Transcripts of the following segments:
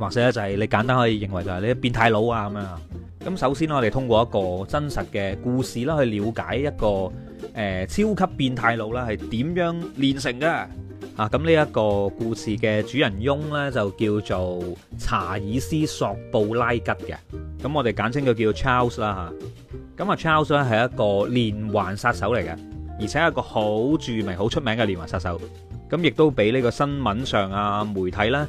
或者就係你簡單可以認為就係你變態佬啊咁樣。咁首先我哋通過一個真實嘅故事啦，去了解一個誒、呃、超級變態佬啦，係點樣練成嘅啊？咁呢一個故事嘅主人翁呢，就叫做查爾斯索布拉吉嘅。咁、啊、我哋簡稱佢叫 Charles、啊啊、Charles 啦嚇。咁啊 Charles 咧係一個連環殺手嚟嘅，而且係一個好著名、好出名嘅連環殺手。咁、啊、亦都俾呢個新聞上啊媒體啦。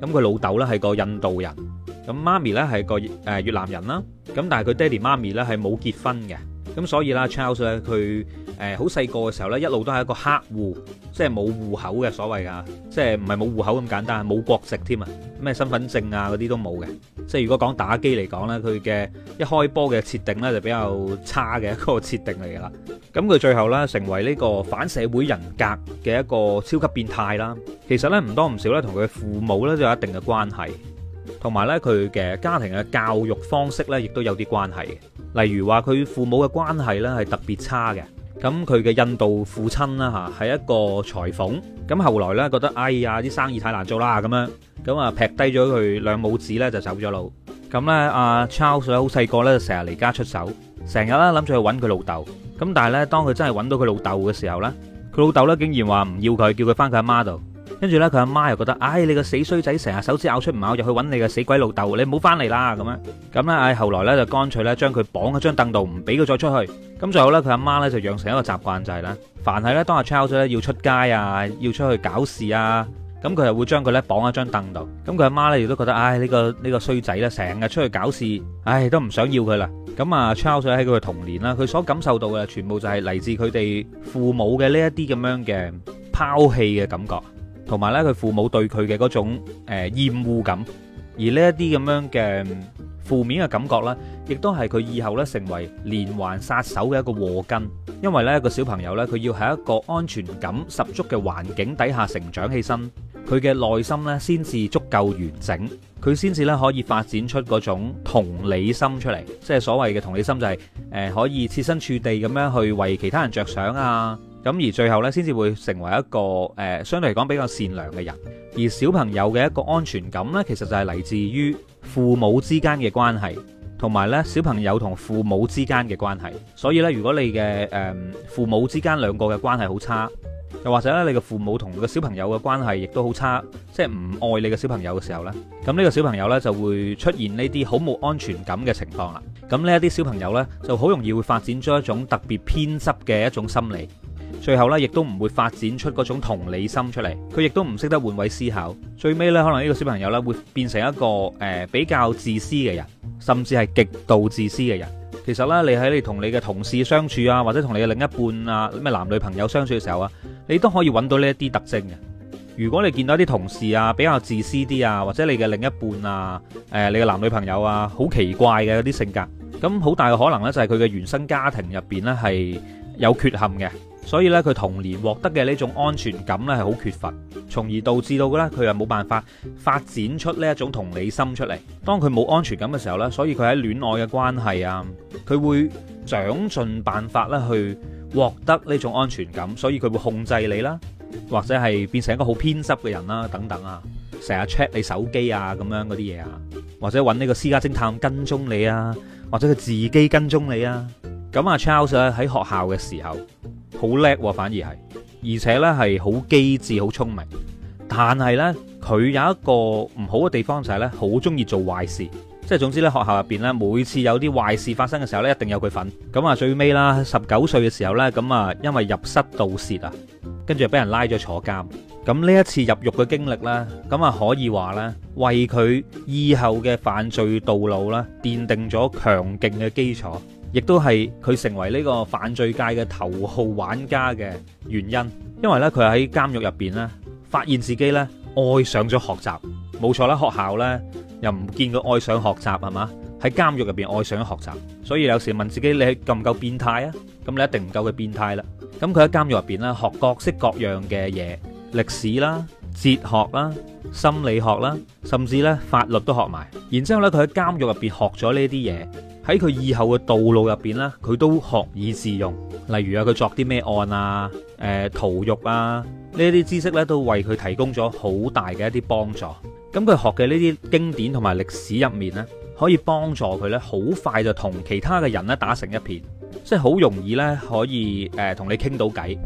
咁佢老豆呢係個印度人，咁媽咪呢係個誒越、呃、越南人啦。咁但係佢爹哋媽咪呢係冇結婚嘅。咁所以啦，Charles 咧，佢誒好細個嘅時候咧，一路都係一個黑戶，即係冇戶口嘅所謂嘅，即係唔係冇戶口咁簡單，冇國籍添啊，咩身份證啊嗰啲都冇嘅。即係如果講打機嚟講咧，佢嘅一開波嘅設定咧就比較差嘅一個設定嚟嘅啦。咁佢最後咧成為呢個反社會人格嘅一個超級變態啦。其實咧唔多唔少咧同佢父母咧都有一定嘅關係，同埋咧佢嘅家庭嘅教育方式咧亦都有啲關係嘅。例如話佢父母嘅關係咧係特別差嘅，咁佢嘅印度父親啦嚇係一個裁縫，咁後來咧覺得哎呀啲生意太難做啦咁樣，咁啊劈低咗佢兩母子呢就走咗路，咁呢，阿 Charles 好細個呢就成日離家出走，成日呢諗住去揾佢老豆，咁但係呢，當佢真係揾到佢老豆嘅時候呢，佢老豆呢竟然話唔要佢，叫佢翻佢阿媽度。跟住呢，佢阿媽又覺得，唉、哎，你個死衰仔成日手指咬出唔咬入去，揾你個死鬼老豆，你唔好翻嚟啦咁啊。咁咧，唉，後來咧就乾脆咧將佢綁喺張凳度，唔俾佢再出去。咁最後呢，佢阿媽呢，就養成一個習慣，就係、是、咧，凡係咧當阿 Charles 要出街啊，要出去搞事啊，咁佢又會將佢呢綁喺張凳度。咁佢阿媽呢，亦都覺得，唉、哎，呢個呢、這個衰仔呢，成日出去搞事，唉、哎，都唔想要佢啦。咁啊 Charles 喺佢嘅童年啦，佢所感受到嘅全部就係嚟自佢哋父母嘅呢一啲咁樣嘅拋棄嘅感覺。同埋呢，佢父母對佢嘅嗰種誒、呃、厭惡感，而呢一啲咁樣嘅負面嘅感覺呢，亦都係佢以後呢成為連環殺手嘅一個禍根。因為呢個小朋友呢，佢要喺一個安全感十足嘅環境底下成長起身，佢嘅內心呢先至足夠完整，佢先至呢可以發展出嗰種同理心出嚟。即係所謂嘅同理心，就係，就係誒可以設身處地咁樣去為其他人着想啊。咁而最後咧，先至會成為一個誒相對嚟講比較善良嘅人。而小朋友嘅一個安全感咧，其實就係嚟自於父母之間嘅關係，同埋咧小朋友同父母之間嘅關係。所以咧，如果你嘅誒父母之間兩個嘅關係好差，又或者咧你嘅父母同個小朋友嘅關係亦都好差，即係唔愛你嘅小朋友嘅時候咧，咁呢個小朋友咧就會出現呢啲好冇安全感嘅情況啦。咁呢一啲小朋友咧就好容易會發展出一種特別偏執嘅一種心理。最後咧，亦都唔會發展出嗰種同理心出嚟。佢亦都唔識得換位思考。最尾咧，可能呢個小朋友咧會變成一個誒、呃、比較自私嘅人，甚至係極度自私嘅人。其實咧，你喺你同你嘅同事相處啊，或者同你嘅另一半啊，咩男女朋友相處嘅時候啊，你都可以揾到呢一啲特徵嘅。如果你見到一啲同事啊比較自私啲啊，或者你嘅另一半啊，誒、呃、你嘅男女朋友啊好奇怪嘅嗰啲性格，咁好大嘅可能呢，就係佢嘅原生家庭入邊呢，係有缺陷嘅。所以咧，佢童年獲得嘅呢種安全感咧，係好缺乏，從而導致到咧佢又冇辦法發展出呢一種同理心出嚟。當佢冇安全感嘅時候咧，所以佢喺戀愛嘅關係啊，佢會想盡辦法咧去獲得呢種安全感，所以佢會控制你啦，或者係變成一個好偏執嘅人啦，等等啊，成日 check 你手機啊，咁樣嗰啲嘢啊，或者揾呢個私家偵探跟蹤你啊，或者佢自己跟蹤你啊。咁啊，Charles 咧喺學校嘅時候。好叻喎，反而係，而且咧係好機智、好聰明。但係咧，佢有一個唔好嘅地方就係咧，好中意做壞事。即係總之咧，學校入邊咧，每次有啲壞事發生嘅時候咧，一定有佢份。咁啊，最尾啦，十九歲嘅時候咧，咁啊，因為入室盜竊啊，跟住就俾人拉咗坐監。咁呢一次入獄嘅經歷啦，咁啊可以話咧，為佢以後嘅犯罪道路啦奠定咗強勁嘅基礎。亦都係佢成為呢個犯罪界嘅頭號玩家嘅原因，因為呢，佢喺監獄入邊呢，發現自己呢愛上咗學習，冇錯啦，學校呢，又唔見佢愛上學習係嘛？喺監獄入邊愛上咗學習，所以有時問自己你夠唔夠變態啊？咁你一定唔夠佢變態啦。咁佢喺監獄入邊呢，學各式各樣嘅嘢，歷史啦、哲學啦、心理學啦，甚至呢法律都學埋。然之後咧佢喺監獄入邊學咗呢啲嘢。喺佢以後嘅道路入邊呢佢都學以致用，例如啊，佢作啲咩案啊，誒、呃，屠戮啊，呢啲知識呢都為佢提供咗好大嘅一啲幫助。咁、嗯、佢學嘅呢啲經典同埋歷史入面呢可以幫助佢呢好快就同其他嘅人咧打成一片，即係好容易呢可以誒同、呃、你傾到偈。誒、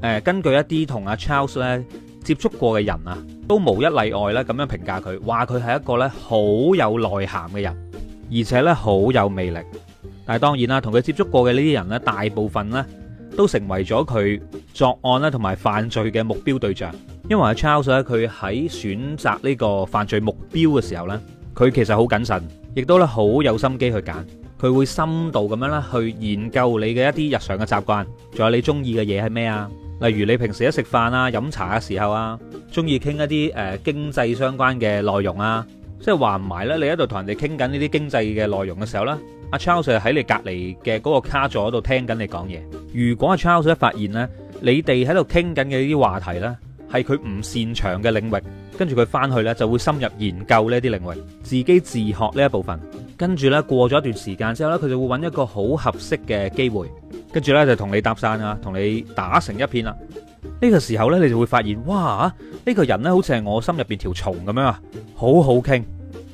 呃，根據一啲同阿 Charles 咧接觸過嘅人啊，都無一例外呢咁樣評價佢，話佢係一個呢好有內涵嘅人。而且咧好有魅力，但係當然啦，同佢接觸過嘅呢啲人呢，大部分呢都成為咗佢作案咧同埋犯罪嘅目標對象。因為 Charles 佢喺選擇呢個犯罪目標嘅時候呢，佢其實好謹慎，亦都咧好有心機去揀。佢會深度咁樣咧去研究你嘅一啲日常嘅習慣，仲有你中意嘅嘢係咩啊？例如你平時喺食飯啊、飲茶嘅時候啊，中意傾一啲誒經濟相關嘅內容啊。即係話唔埋咧，你喺度同人哋傾緊呢啲經濟嘅內容嘅時候咧，阿 Charles 喺你隔籬嘅嗰個卡座度聽緊你講嘢。如果阿 Charles 一發現咧，你哋喺度傾緊嘅呢啲話題呢，係佢唔擅長嘅領域，跟住佢翻去呢就會深入研究呢啲領域，自己自學呢一部分。跟住呢過咗一段時間之後呢，佢就會揾一個好合適嘅機會，跟住呢就同你搭訕啊，同你打成一片啦。呢個時候呢，你就會發現，哇！呢個人呢，好似係我心入邊條蟲咁樣啊，好好傾，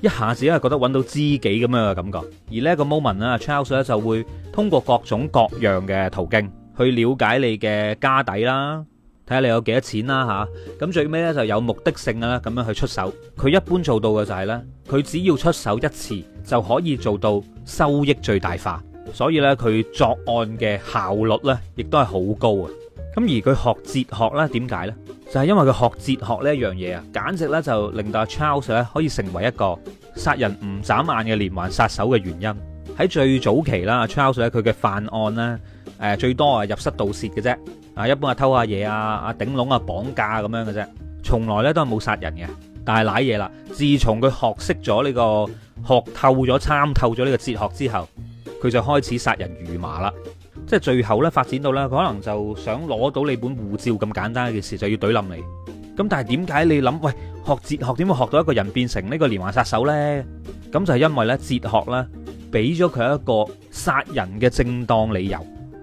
一下子啊，覺得揾到知己咁樣嘅感覺。而呢個 moment 咧，Charles 咧就會通過各種各樣嘅途徑去了解你嘅家底啦，睇下你有幾多錢啦吓。咁最尾呢，就有目的性啦，咁樣去出手。佢一般做到嘅就係呢，佢只要出手一次就可以做到收益最大化，所以呢，佢作案嘅效率呢，亦都係好高嘅。咁而佢學哲學咧，點解呢？就係因為佢學哲學呢一樣嘢啊，簡直咧就令到 Charles 咧可以成為一個殺人唔眨眼嘅連環殺手嘅原因。喺最早期啦，Charles 咧佢嘅犯案咧，誒最多啊入室盜竊嘅啫，啊一般啊偷下嘢啊，啊頂籠啊綁架咁樣嘅啫，從來咧都係冇殺人嘅。但係瀨嘢啦，自從佢學識咗呢個學透咗參透咗呢個哲學之後，佢就開始殺人如麻啦。即係最後咧發展到咧，可能就想攞到你本護照咁簡單嘅事，就要懟冧你。咁但係點解你諗？喂，學哲學點會學到一個人變成呢個連環殺手呢？咁就係因為咧哲學咧，俾咗佢一個殺人嘅正當理由。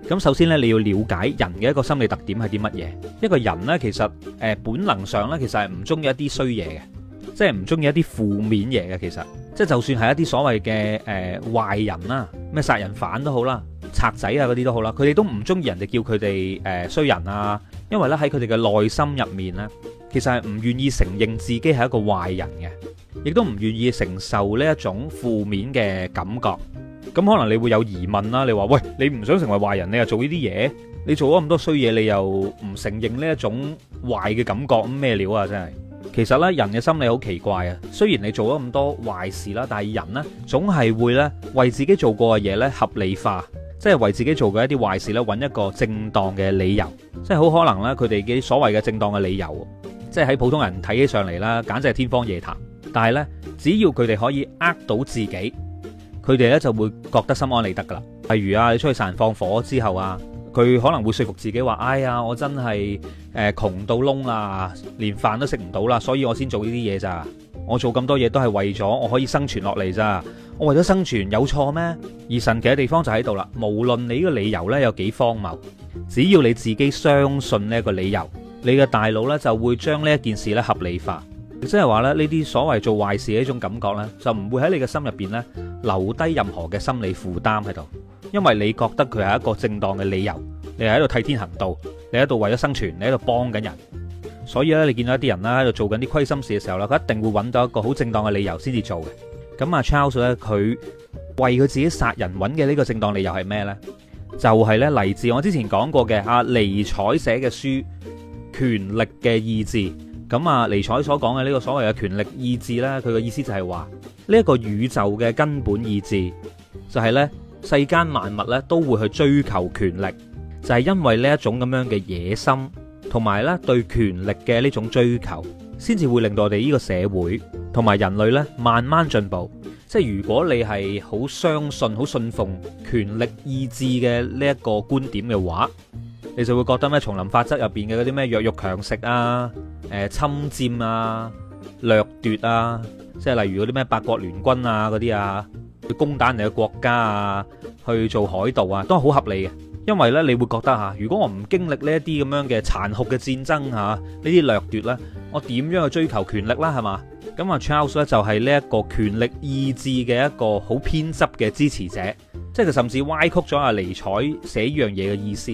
咁首先呢，你要了解人嘅一個心理特點係啲乜嘢？一個人呢，其實誒本能上呢，其實係唔中意一啲衰嘢嘅。即係唔中意一啲負面嘢嘅，其實即係就算係一啲所謂嘅誒、呃、壞人啦，咩殺人犯都好啦，賊仔啊嗰啲都好啦，佢哋都唔中意人哋叫佢哋誒衰人啊，因為咧喺佢哋嘅內心入面咧，其實係唔願意承認自己係一個壞人嘅，亦都唔願意承受呢一種負面嘅感覺。咁可能你會有疑問啦，你話喂，你唔想成為壞人，你又做呢啲嘢，你做咗咁多衰嘢，你又唔承認呢一種壞嘅感覺，咩料啊，真係？其實咧，人嘅心理好奇怪啊！雖然你做咗咁多壞事啦，但係人呢，總係會咧為自己做過嘅嘢咧合理化，即係為自己做過一啲壞事咧揾一個正當嘅理由，即係好可能呢，佢哋嘅所謂嘅正當嘅理由，即係喺普通人睇起上嚟，啦，簡直係天方夜譚。但係呢，只要佢哋可以呃到自己，佢哋呢就會覺得心安理得噶啦。例如啊，你出去殺人放火之後啊。佢可能會說服自己話：哎呀，我真係誒窮到窿啦，連飯都食唔到啦，所以我先做呢啲嘢咋？我做咁多嘢都係為咗我可以生存落嚟咋？我為咗生存有錯咩？而神奇嘅地方就喺度啦，無論你個理由咧有幾荒謬，只要你自己相信呢一個理由，你嘅大腦咧就會將呢一件事咧合理化，即係話咧呢啲所謂做壞事嘅一種感覺呢就唔會喺你嘅心入邊咧留低任何嘅心理負擔喺度。因為你覺得佢係一個正當嘅理由，你係喺度替天行道，你喺度為咗生存，你喺度幫緊人，所以咧，你見到一啲人啦喺度做緊啲虧心事嘅時候咧，佢一定會揾到一個好正當嘅理由先至做嘅。咁啊，Charles 咧，佢為佢自己殺人揾嘅呢個正當理由係咩呢？就係呢，嚟自我之前講過嘅阿尼采寫嘅書《權力嘅意志》。咁啊，尼采所講嘅呢個所謂嘅權力意志呢，佢嘅意思就係話呢一個宇宙嘅根本意志就係呢。世間萬物咧都會去追求權力，就係因為呢一種咁樣嘅野心，同埋咧對權力嘅呢種追求，先至會令到我哋呢個社會同埋人類咧慢慢進步。即係如果你係好相信、好信奉權力意志嘅呢一個觀點嘅話，你就會覺得咩？叢林法則入邊嘅嗰啲咩弱肉強食啊、誒侵佔啊、掠奪啊，即係例如嗰啲咩八國聯軍啊嗰啲啊。去攻打你嘅國家啊，去做海盜啊，都係好合理嘅。因為呢，你會覺得嚇，如果我唔經歷呢一啲咁樣嘅殘酷嘅戰爭嚇，呢啲掠奪呢，我點樣去追求權力啦？係嘛咁啊？Charles 呢，就係呢一個權力意志嘅一個好偏執嘅支持者，即係甚至歪曲咗阿尼采寫呢樣嘢嘅意思。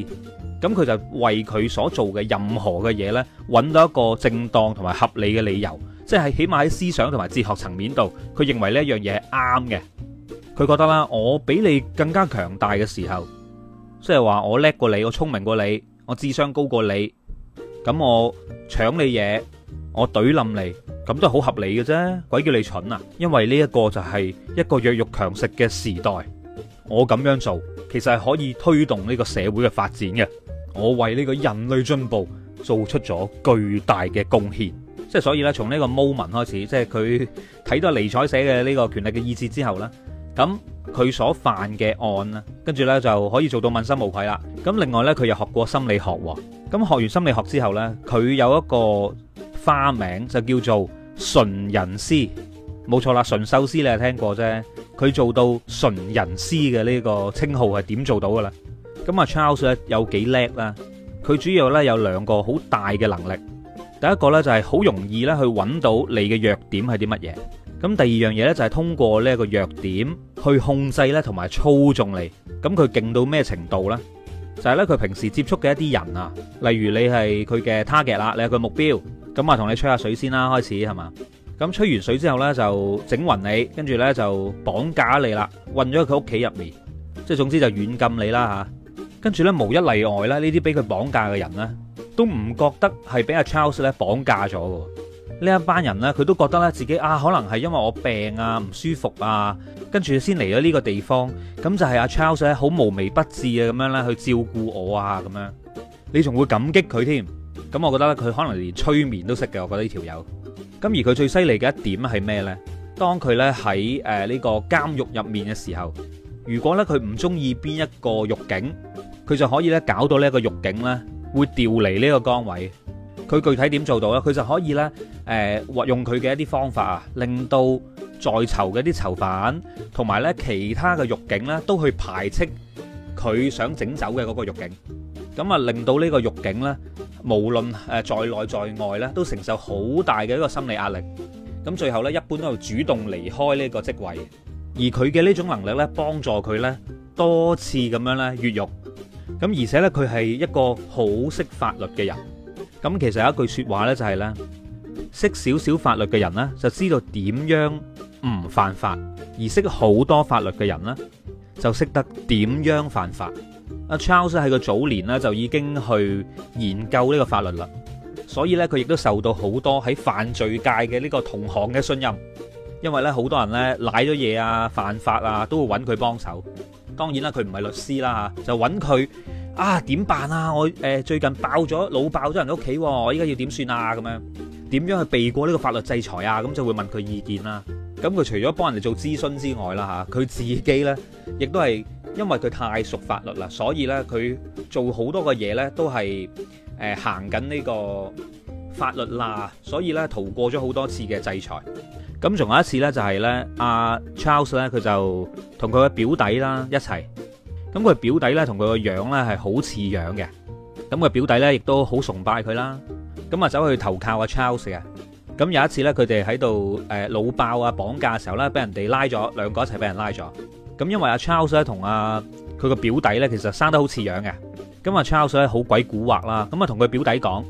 咁佢就為佢所做嘅任何嘅嘢呢，揾到一個正當同埋合理嘅理由，即係起碼喺思想同埋哲學層面度，佢認為呢一樣嘢係啱嘅。佢覺得啦，我比你更加強大嘅時候，即係話我叻過你，我聰明過你，我智商高過你，咁我搶你嘢，我懟冧你，咁都好合理嘅啫。鬼叫你蠢啊！因為呢一個就係一個弱肉強食嘅時代，我咁樣做其實係可以推動呢個社會嘅發展嘅。我為呢個人類進步做出咗巨大嘅貢獻，即係所以呢，從呢個 moment 開始，即係佢睇到尼采寫嘅呢個權力嘅意志之後呢。咁佢所犯嘅案咧，跟住咧就可以做到問心無愧啦。咁另外咧，佢又學過心理學喎。咁學完心理學之後咧，佢有一個花名就叫做馴人師，冇錯啦，馴獸師你係聽過啫。佢做到馴人師嘅呢個稱號係點做到噶啦？咁啊，Charles 有幾叻啦？佢主要咧有兩個好大嘅能力。第一個咧就係好容易咧去揾到你嘅弱點係啲乜嘢。咁第二樣嘢咧就係通過呢一個弱點去控制咧同埋操縱你，咁佢勁到咩程度咧？就係咧佢平時接觸嘅一啲人啊，例如你係佢嘅 target 啦，你係佢目標，咁啊同你吹下水先啦，開始係嘛？咁吹完水之後咧就整暈你，跟住咧就綁架你啦，困咗佢屋企入面，即係總之就軟禁你啦嚇。跟住咧無一例外啦，呢啲俾佢綁架嘅人咧都唔覺得係俾阿 Charles 咧綁架咗㗎。呢一班人呢，佢都覺得咧自己啊，可能係因為我病啊、唔舒服啊，跟住先嚟咗呢個地方。咁就係阿 Charles 咧，好無微不至啊，咁樣咧去照顧我啊，咁樣你仲會感激佢添。咁我覺得咧，佢可能連催眠都識嘅。我覺得呢條友。咁而佢最犀利嘅一點係咩呢？當佢呢喺誒呢個監獄入面嘅時候，如果呢，佢唔中意邊一個獄警，佢就可以呢搞到呢一個獄警呢會調離呢個崗位。佢具體點做到咧？佢就可以咧，誒，運用佢嘅一啲方法啊，令到在囚嘅啲囚犯同埋咧其他嘅獄警咧，都去排斥佢想整走嘅嗰個獄警，咁啊，令到呢個獄警咧，無論誒在內在外咧，都承受好大嘅一個心理壓力。咁最後咧，一般都係主動離開呢個職位。而佢嘅呢種能力咧，幫助佢咧多次咁樣咧越獄。咁而且咧，佢係一個好識法律嘅人。咁其實有一句説話咧，就係咧，識少少法律嘅人咧，就知道點樣唔犯法；而識好多法律嘅人咧，就識得點樣犯法。阿 Charles 喺佢早年咧，就已經去研究呢個法律啦，所以咧，佢亦都受到好多喺犯罪界嘅呢個同行嘅信任，因為咧，好多人咧賴咗嘢啊、犯法啊，都會揾佢幫手。當然啦，佢唔係律師啦嚇，就揾佢。啊點辦啊！我誒、呃、最近爆咗，老爆咗人屋企喎，我依家要點算啊？咁樣點樣去避過呢個法律制裁啊？咁就會問佢意見啦。咁、嗯、佢除咗幫人哋做諮詢之外啦嚇，佢、啊、自己呢，亦都係因為佢太熟法律啦，所以呢，佢做好多個嘢呢，都係誒、呃、行緊呢個法律罅，所以呢，逃過咗好多次嘅制裁。咁、嗯、仲有一次呢，就係、是、呢，阿、啊、Charles 呢，佢就同佢嘅表弟啦一齊。咁佢表弟咧同佢個樣咧係好似樣嘅，咁佢表弟咧亦都好崇拜佢啦。咁啊走去投靠阿 Charles 嘅。咁有一次咧，佢哋喺度誒老爆啊綁架嘅時候咧，俾人哋拉咗兩個一齊俾人拉咗。咁因為阿 Charles 咧同阿佢個表弟咧，其實生得好似樣嘅。咁阿 Charles 咧好鬼古惑啦。咁啊同佢表弟講，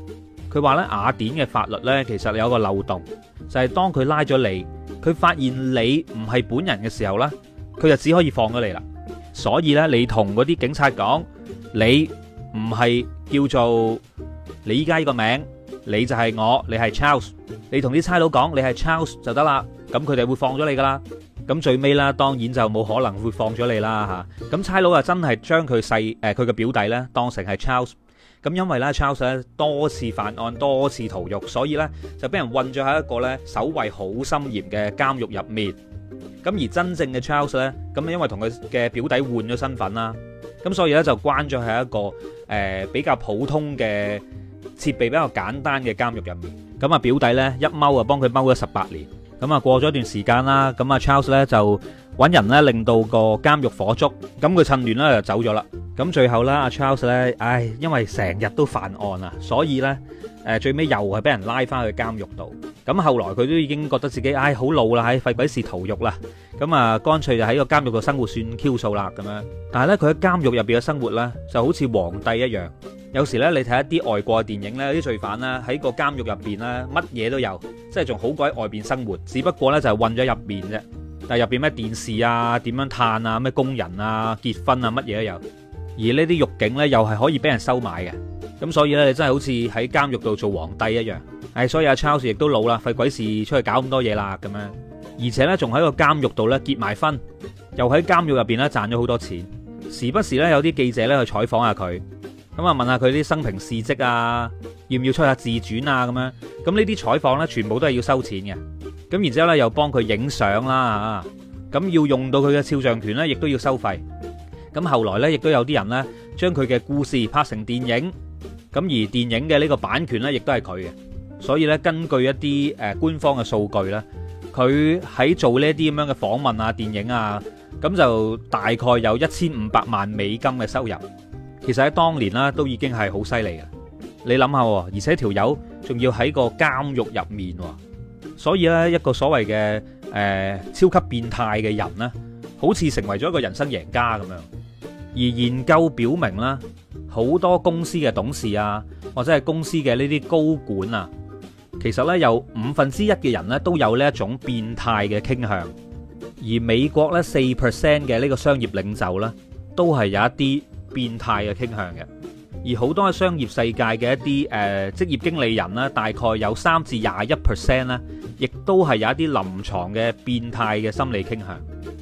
佢話咧雅典嘅法律咧其實有個漏洞，就係當佢拉咗你，佢發現你唔係本人嘅時候咧，佢就只可以放咗你啦。所以咧，你同嗰啲警察講，你唔係叫做你依家依個名，你就係我，你係 Charles，你同啲差佬講你係 Charles 就得啦，咁佢哋會放咗你噶啦。咁最尾啦，當然就冇可能會放咗你啦嚇。咁差佬啊，真係將佢細誒佢嘅表弟咧，當成係 Charles。咁因為咧 Charles 咧多次犯案，多次逃獄，所以咧就俾人困咗喺一個咧守衞好森嚴嘅監獄入面。咁而真正嘅 Charles 呢，咁呢因為同佢嘅表弟換咗身份啦，咁所以呢就關咗喺一個誒比較普通嘅設備比較簡單嘅監獄入面。咁啊表弟呢一踎啊幫佢踎咗十八年。咁啊過咗一段時間啦，咁啊 Charles 呢就搵人呢令到個監獄火燭，咁佢趁亂呢就走咗啦。咁最後呢，阿 Charles 呢，唉，因為成日都犯案啊，所以呢。誒最尾又係俾人拉翻去監獄度，咁後來佢都已經覺得自己唉好老啦，唉廢鬼事逃獄啦，咁啊，乾脆就喺個監獄度生活算 Q 數啦咁樣。但係咧，佢喺監獄入邊嘅生活咧，就好似皇帝一樣。有時咧，你睇一啲外國嘅電影咧，啲罪犯咧喺個監獄入邊咧，乜嘢都有，即係仲好過喺外邊生活。只不過咧，就係困咗入邊啫。但係入邊咩電視啊、點樣嘆啊、咩工人啊、結婚啊，乜嘢都有。而呢啲獄警咧，又係可以俾人收買嘅。咁所以咧，你真係好似喺監獄度做皇帝一樣。唉、哎，所以阿 Charles 亦都老啦，費鬼事出去搞咁多嘢啦，咁樣。而且呢，仲喺個監獄度呢結埋婚，又喺監獄入邊呢賺咗好多錢。時不時呢，有啲記者呢去採訪下佢，咁啊問下佢啲生平事蹟啊，要唔要出下自傳啊，咁樣。咁呢啲採訪呢，全部都係要收錢嘅。咁然之後呢，又幫佢影相啦，啊，咁要用到佢嘅肖像權呢，亦都要收費。咁後來呢，亦都有啲人呢將佢嘅故事拍成電影。咁而電影嘅呢個版權呢，亦都係佢嘅。所以呢，根據一啲誒官方嘅數據呢，佢喺做呢一啲咁樣嘅訪問啊、電影啊，咁就大概有一千五百萬美金嘅收入。其實喺當年啦，都已經係好犀利嘅。你諗下，而且條友仲要喺個監獄入面，所以呢，一個所謂嘅誒超級變態嘅人呢，好似成為咗一個人生贏家咁樣。而研究表明啦。好多公司嘅董事啊，或者係公司嘅呢啲高管啊，其實咧有五分之一嘅人咧都有呢一種變態嘅傾向，而美國咧四 percent 嘅呢個商業領袖咧，都係有一啲變態嘅傾向嘅，而好多喺商業世界嘅一啲誒、呃、職業經理人咧，大概有三至廿一 percent 咧。亦都係有一啲臨床嘅變態嘅心理傾向，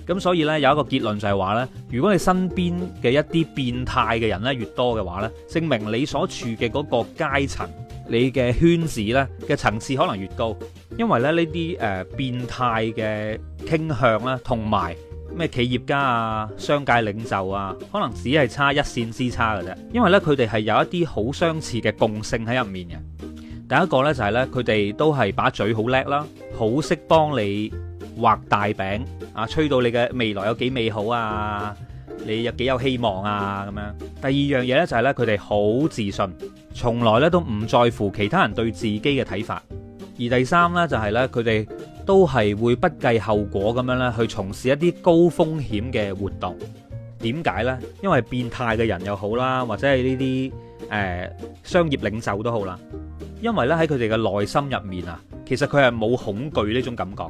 咁所以呢，有一個結論就係話呢如果你身邊嘅一啲變態嘅人呢越多嘅話呢證明你所處嘅嗰個階層，你嘅圈子呢嘅層次可能越高，因為咧呢啲誒、呃、變態嘅傾向咧，同埋咩企業家啊、商界領袖啊，可能只係差一線之差嘅啫，因為呢，佢哋係有一啲好相似嘅共性喺入面嘅。第一個呢，就係呢，佢哋都係把嘴好叻啦，好識幫你畫大餅啊，吹到你嘅未來有幾美好啊，你有幾有希望啊咁樣。第二樣嘢呢，就係呢，佢哋好自信，從來呢都唔在乎其他人對自己嘅睇法。而第三呢，就係呢，佢哋都係會不計後果咁樣呢去從事一啲高風險嘅活動。點解呢？因為變態嘅人又好啦，或者係呢啲誒商業領袖都好啦。因為咧喺佢哋嘅內心入面啊，其實佢係冇恐懼呢種感覺，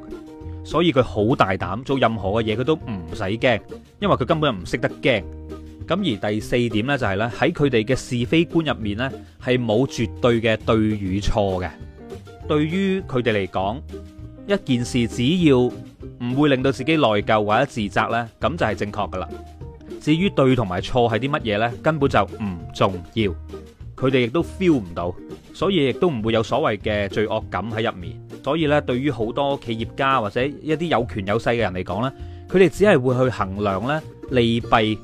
所以佢好大膽做任何嘅嘢，佢都唔使驚，因為佢根本唔識得驚。咁而第四點呢、就是，就係咧喺佢哋嘅是非觀入面呢係冇絕對嘅對與錯嘅。對於佢哋嚟講，一件事只要唔會令到自己內疚或者自責呢，咁就係正確噶啦。至於對同埋錯係啲乜嘢呢，根本就唔重要，佢哋亦都 feel 唔到。所以亦都唔會有所謂嘅罪惡感喺入面，所以咧對於好多企業家或者一啲有權有勢嘅人嚟講咧，佢哋只係會去衡量咧利弊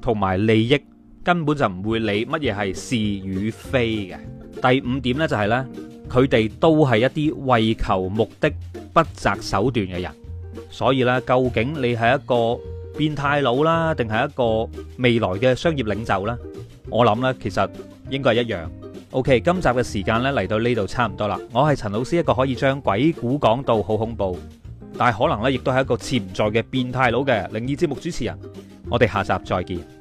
同埋利益，根本就唔會理乜嘢係是與非嘅。第五點咧就係咧，佢哋都係一啲為求目的不擇手段嘅人。所以咧，究竟你係一個變態佬啦，定係一個未來嘅商業領袖咧？我諗咧，其實應該係一樣。O.K. 今集嘅時間咧嚟到呢度差唔多啦，我係陳老師一個可以將鬼故講到好恐怖，但係可能咧亦都係一個潛在嘅變態佬嘅靈異節目主持人，我哋下集再見。